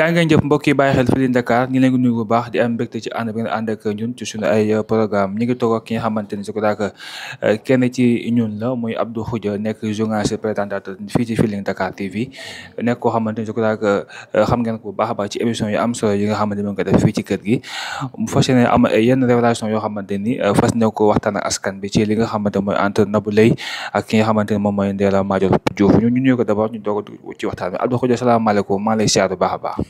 jaa ngeen jëf mbokk yi bàyyi xel Feeling Dakar ñu leen ngi nuyu bu baax di am mbégte ci ànd bi ñun ci suñu ay programme ñu ngi toog ak ki xamante ni su ko daak euh, kenn ci ñun la muy Abdou Khoudia fii ci Feeling Dakar TV nekk koo xamante ni su ko daak euh, xam ngeen ko bu baax a baax ci am solo yi nga xamante ni mu ngi def fii ci kër gi mu fas am yenn révélation yoo xamante ni euh, fas ne ko waxtaan askan bi ci li nga xamante mooy entre Nabou Leye ak ki xamante ni moom mooy Ndella Madior Diouf ñu ñu nuyu ko d'abord ñu salaamaaleykum maa lay siyaar bu baax baax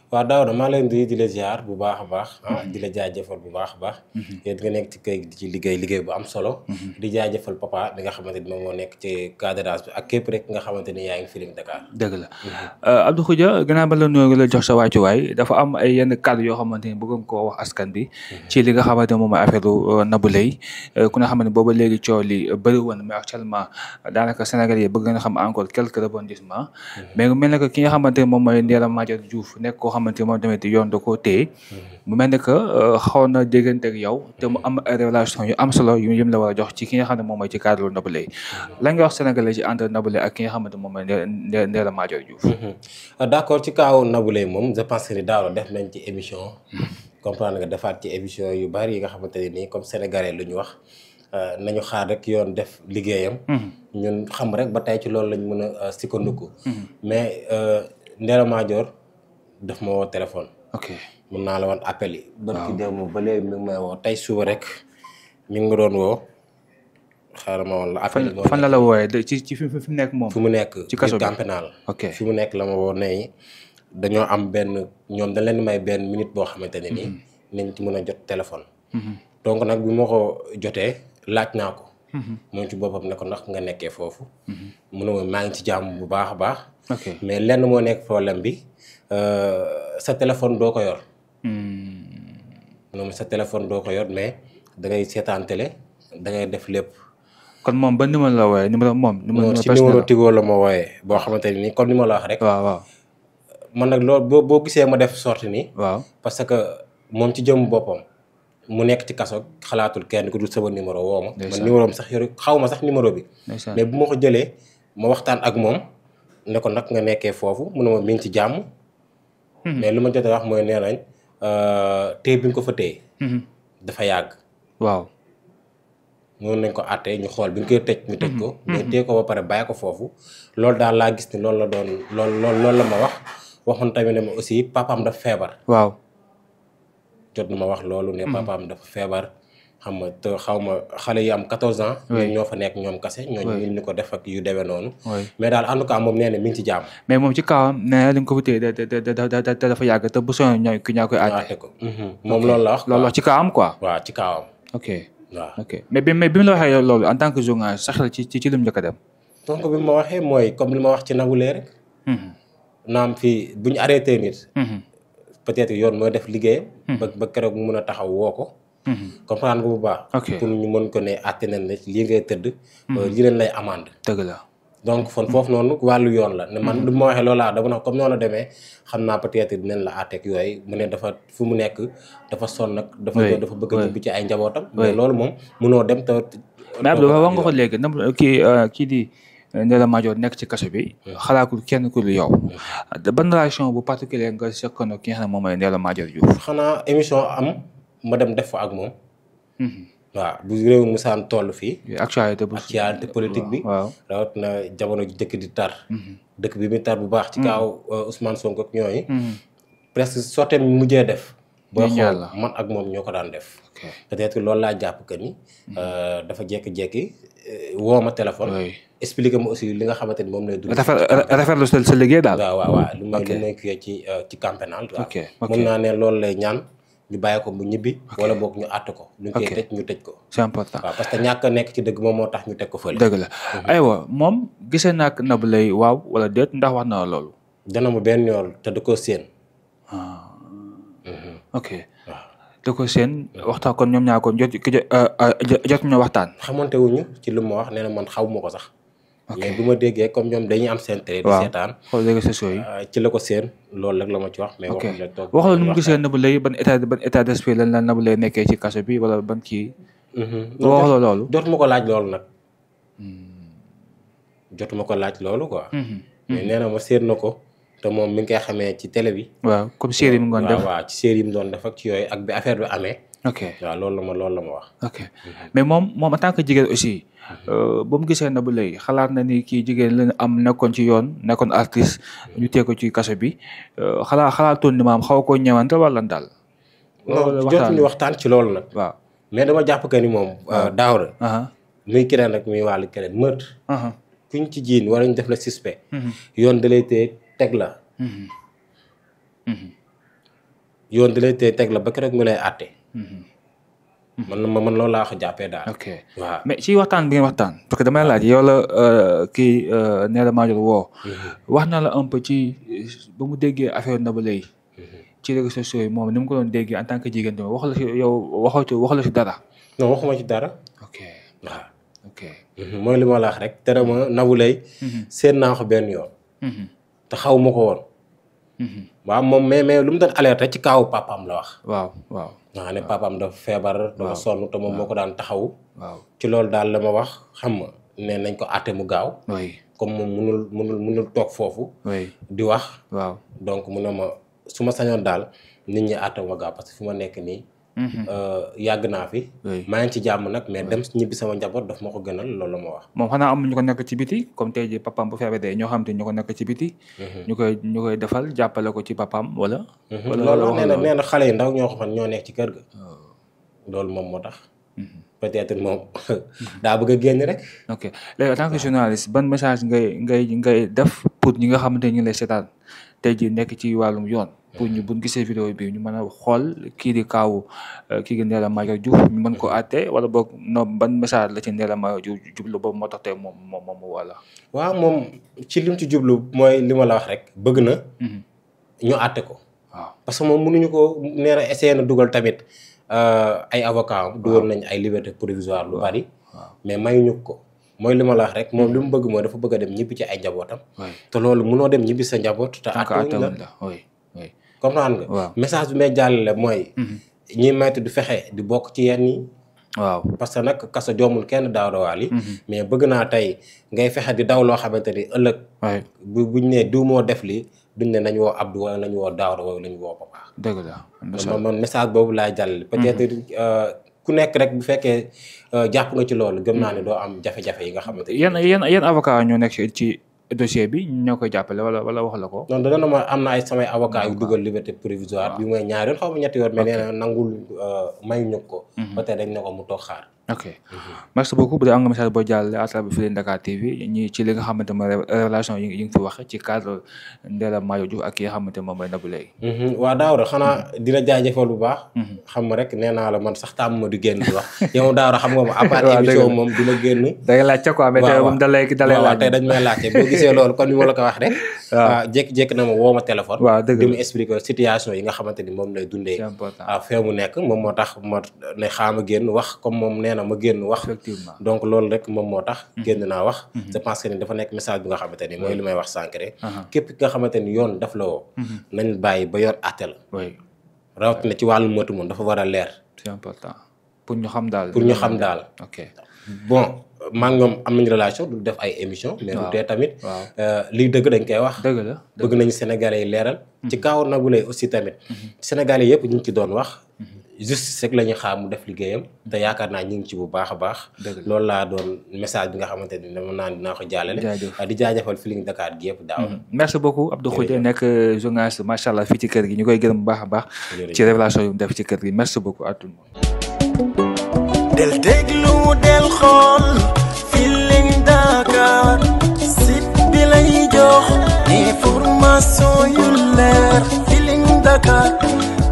waaw Daouda maa leen di di la ziar bu baax a baax. Ah, mm-hmm. di la jaajëfal bu baax a baax. Mm-hmm. yow nekk ci liggéey liggéey bu am solo. Mm-hmm. di jaajëfal papa di nga xamante ni moom nga xamante la euh, Abdou Khoudia gannaaw ba la nuyoo la jox yoo xamante ni bëggoon koo wax askan bi. ci li nga xamante moom mooy affaire euh, Nabou Leye euh, ku nga xam ne booba léegi coow li bëri woon mais actuellement daanaka Sénégal yi bëgg nga xam encore quelques rebondissements mais mel na ki nga xamante moom mooy Ndella Madior Diouf nekk moom da koo téye mu mel ne que xaw na déggante ak yow te mu am ay révélation yu am a def nañ ci émission comprendre nga defaat ci émission yu bari nga xamante comme sénégalais lu wax nañu xaar rek yoon def liggéeyam ñun xam rek ba tey ci loolu lañ mën a sikkandiku mais Ndella Madior daf ma woo téléphone. ok mun naa la woon appel yi. waaw barki démb ba léegi mi may woo tey suba rek mi ngi ma doon woo xaaral ma woon yi fan la la wooyee ci ci fi nekk moom. fu mu nekk ci kaso bi pénal ok fi mu nekk la ma woo nee dañoo am benn ñoom dañ leen may benn minute boo xamante ne nii. Mhm. nañ ci mën a jot téléphone. Mhm. donc nag bi ma ko jotee laaj naa ko. Mhm. moom ci boppam ne ndax nga nekkee foofu. mu ne ma maa ngi ci jàmm bu baax a baax. mais lenn moo nekk problème bi Euh, sa téléphone doo ko yor. moom sa téléphone doo ko yor mais da ngay seetaan télé da ngay def lépp. kon moom ba numéro la wooyee numéro moom. numéro personnel ci numéro Tigo la ma wooyee boo xamante ne nii comme ni ma la wax rek. waaw waaw man nag loolu boo boo gisee ma def sorti nii. waaw parce que moom ci jëm boppam. mu nekk ci kaso xalaatul kenn ku dul sama numéro woo ma. sax yoru sax numéro bi. mais bu ma ko jëlee ma waxtaan ak moom ne ko nag nga nekkee foofu mu ne ma mi ngi ci jàmm. Mhm. mais lu ma jot a wax mooy nee nañ euh, téye bi nga ko fa téye. Mhm. dafa yàgg. waaw. noonu nañ ko àttee ñu xool bi ñu koy tëj ñu tëj ko. Mhm. mais téye ko ba pare bàyyi ko foofu. loolu daal laa gis ni loolu la doon lool loolu la ma wax waxoon tamit ne ma aussi papaam dafa feebar. waaw. jot na ma wax loolu. ne papaam dafa feebar. xam nga te nekk ñoom kase ñooñu ñu ko def ak yu demee mais daal en tout moom nee na mi ngi ci jàmm. mais moom ci kawam ko wutee da da mais bi mu la waxee loolu en tant que journaliste sax la ci ci ci lu mu a dem. donc bi ma waxee mooy comme li ma wax ci nagulee rek. Mhm. naam fii bu ñu arrêté mhm. yoon mooy def liggéeyam. Mhm. ba keroog mun a taxaw woo ko. Mm-hmm. comprendre nga bu baax. pour ñu mën ko ne àtte nañ la lii ngay tëdd. Mm-hmm. Euh, lii leen lay amande. dëgg la donc fon mm-hmm. foofu noonu wàllu yoon la. ne man lu ma waxee loolaa dama nag comme demee xam naa peut-être dinañ la dafa fu mu nekk dafa sonn nag. dafa dafa bëgg a jubbi ci ay njabootam. mais loolu moom mënoo dem te. mais Abdou wax nga ko léegi kii euh, kii di. Euh, Ndella Madior nekk ci kaso bi xalaatul kenn ku dul yow ban relation bu particulier nga seqoon ak ki nga xam ne moom mooy Ndella Madior Diouf xanaa émission am ma dem def fa ak moom. Mhm. waaw bu réew musaan toll fii. actualité bu actualité politique bi. waaw na jamono ji dëkk di tar. Mhm. dëkk bi mu tar bu baax. ci mhm. kaaw euh, Ousmane Sonko ñooy presque sotteem mu mujjee def. boo xool man ak moom ñoo ko daan def. peut-être loolu laa jàpp que ni. Euh, dafa jékki-jékki euh, woo ma téléphone. expliqué ma aussi li nga xamante ni moom lay. dugg dafa rafetlu sa sa liggéey daal. waaw waaw waaw may li may kii ci ci camp pénal. naa ne loolu lay ñaan. ñu bàyyi ko mu ñibbi. wala boog ñu àtt ko. ñu koy tëj ñu tëj ko. c'est important parce que ñàkk nekk ci dëgg moom moo tax ñu teg ko fële. dëgg la mhm. aywa moom gisee naa ko Nabou Leye waaw wala déet ndax wax na loolu. dana mu benn yoon te da koo séen. Ah. Mhm. ok waaw da ko séen waxtaan kon ñoom ñaa ko jot ki jot euh, euh, ñoo waxtaan. xamante ci lu ma wax nee na man xaw ma ko sax. mais bu ma déggee comme ñoom dañuy am seen télé di seetaan xool léegi sociaux yi euh, ci la ko seen lool rek la ma ci wax mais wax la toog wax la nu mu gisee Nabou Leye ban état ban état d'esprit lan la Nabou Leye nekkee ci kaso bi wala ban kii mhm. wax loolu jotuma ko laaj loolu nag hmm. jotuma ko laaj loolu quoi mhm. hmm. mais nee na ma seet na ko te moom mi ngi koy xamee ci télé bi waaw comme série yi mu doon def waaw ci série doon def ak ci yooyu ak bi affaire bi amee ok waaw loolu la ma loolu la ma wax. ok mhm. mais moom moom a tant que jigéen aussi. Mhm. Euh, ba mu gisee na bu lay xalaat na ni kii jigéen la am nekkoon ci yoon nekkoon artiste mhm. ñu teg ko ci kaso bi euh, xalaat xalaatoon ni maam xaw koo ñëwante wala daal. loolu jotuñu waxtaan ci loolu nag. waaw mais dama jàpp que ni moom. Euh, daaw la. muy keneen nag muy wàllu keneen meurtre. kuñ ci jiin wala ñu def la suspect. yoon da te téye teg la. yoon da lay téye la ba keroog mu lay àtte. Mm-hmm. man ma man loolu laa ko jàppee daal. ok waaw mais ci waxtaan bi ngeen waxtaan. parce que damay laaj yow la euh, kii euh, Ndella Madior woo. Mm-hmm. wax na la un peu ci ba mu déggee affaire Nabou Leye mm-hmm. ci réseaux sociaux yi moom ni ko doon déggee en tant que jigéen tamit la si yow waxoo wax la si dara. non waxuma ci dara. ok mooy li ma la wax rek tere ma Nabou Leye. seen naa benn yoon. te xaw ma ko woon. Mm-hmm. waaw moom mais mais lu mu doon alerté ci kaawu papaam la wax. waaw waaw. ne papaam dafa feebar. dafa sonn te moom moo ko daan taxawu. waaw ci loolu daal la ma wax xam nga ne nañ ko àtte mu gaaw. comme moom munul munul munul toog foofu. di wax. waaw donc mu ne ma su ma sañoon daal nit ñi àtte ma gaaw parce que fu ma nekk nii. Mhm. Euh, yàgg naa fi. maa ngi ci jàmm nag mais dem ñibbi sama njaboot daf ma ko gënal loolu la wax. moom xanaa am ko nekk ci biti comme tey ji papaam bu feebaree ñoo xam te ñu ko nekk ci biti. Mhm. ñu koy ñu koy defal jàppale ko ci papaam wala. Mhm. loolu nee na xale yi ndaw ñoo xam ñoo nekk ci kër ga. Oh. loolu moom moo tax. peut moom daa bëgg génn rek. ok léegi en tant que journaliste ban message ngay ngay ngay def pour ñi nga xamante ñu lay seetaan tey ji nekk ci wàllum yoon. pour ñu buñ gisee vidéo bi ñu mën a xool kii di kaawu euh, kii di Ndella Madior Diouf ñu man ko àtte wala boo no ban message la ci nee Madior Diouf jublu boobu moo tax tey moom moom moom wala waaw moom ci lim ci jublu mooy li ma la wax rek bëgg na mhm. ñu àtte ko waaw parce que moom mënuñu ko nee na essayé na dugal tamit euh, ay avocat am dugal nañ ay liberté provisoire lu bari mais mayuñu ko mooy li ma la wax rek moom mhm. li mu bëgg mooy dafa bëgg a dem ñibbi ci ay njabootam te loolu munoo dem ñibbi sa njaboot te àtte la comprendre nga. message bi may jàllale mooy. Mhm. ñi maytu du fexe di bokk ci yenn yi. waaw parce que nag kaso joomul kenn daaw dawaal yi mhm. mais bëgg naa tey ngay fexe di daw loo xamante ni ëllëg. bu buñ nee diw moo def li duñ ne nañ woo Abdou wala nañ woo Daawda wala nañ woo Papa. dëgg la man message boobu laay jàllale. Mhm. peut-être euh, ku nekk rek bu fekkee euh, jàpp na ci loolu. gën naa ne doo am jafe-jafe yi nga xamante ni. yéen yéen yéen avocat ñoo nekk ci. dossier bi ñoo koy jàppale wala wala wax la ko. non na ma am na ay samay avocat yu dugal liberté provisoire bi mooy ñaari yoon xaw ma ñetti yoon mais nee na nangul euh, mayuñu ko. Mhm. ba tey dañ ne ko mu toog xaar. ok merci beaucoup bu dee am nga message boo jàllale à travers Feeling Dakar TV ñi ci li nga xamante mooy relation yi yi nga fi waxee ci cadre Ndella Madior Diouf ak ki nga xamante moom mooy da ngay laajte quoi mais tey moom da lay da lay laaj. waaw tey dañ may nekk moom moo tax ne xaama génn wax comme moom nee na ma génn wax donc loolu rek moom moo tax mhm. génn naa wax mhm. je pense que dafa nekk message bi nga xamante ni mooy li may wax sànq képp nga xamante yoon daf la woo mhm. nañ bàyyi ba yor àtte la rawatina ci wàllu motu moom dafa war a leer c'est important pour ñu xam daal pour ñu xam daal ok bon maa ngi ñoom am nañu relation du def ay émission mais du tee tamit euh, lii dëgg dañ koy wax dëgg la bëgg nañu sénégalais yi leeral ci kaw Nabou aussi tamit sénégalais yëpp ñu ci doon wax justice rek la ñu xaar mu def liggéeyam te yaakaar naa ñu ngi ci bu baax a baax loolu laa doon message bi nga xamante na dama naan dinaa ko jàllale ah, di jaajëfal Feeling Dakar gi yëpp daaw mm-hmm. merci beaucoup Abdou Khoudia nekk euh, journaliste macha allah fii ci kër gi ñu koy gërëm bu baax a baax ci révélation yu mu def ci kër gi merci beaucoup à tout del déglu del xool Feeling Dakar